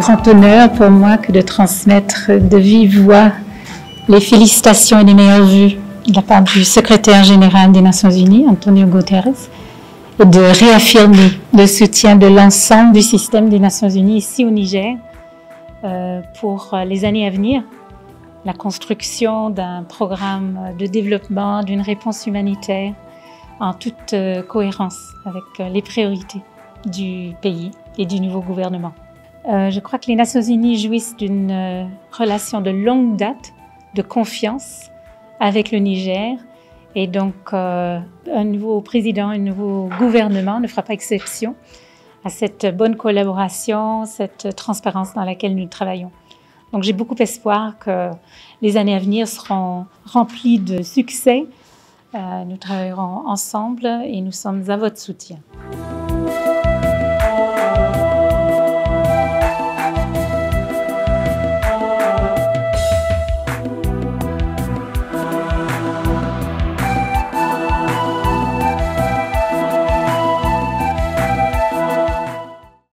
grand honneur pour moi que de transmettre de vive voix les félicitations et les meilleures vues de la part du secrétaire général des Nations Unies, Antonio Guterres, et de réaffirmer le soutien de l'ensemble du système des Nations Unies ici au Niger euh, pour les années à venir, la construction d'un programme de développement, d'une réponse humanitaire en toute euh, cohérence avec euh, les priorités du pays et du nouveau gouvernement. Euh, je crois que les Nations Unies jouissent d'une euh, relation de longue date, de confiance avec le Niger. Et donc, euh, un nouveau président, un nouveau gouvernement ne fera pas exception à cette bonne collaboration, cette transparence dans laquelle nous travaillons. Donc, j'ai beaucoup d'espoir que les années à venir seront remplies de succès. nous travaillerons ensemble et nous sommes à votre soutien.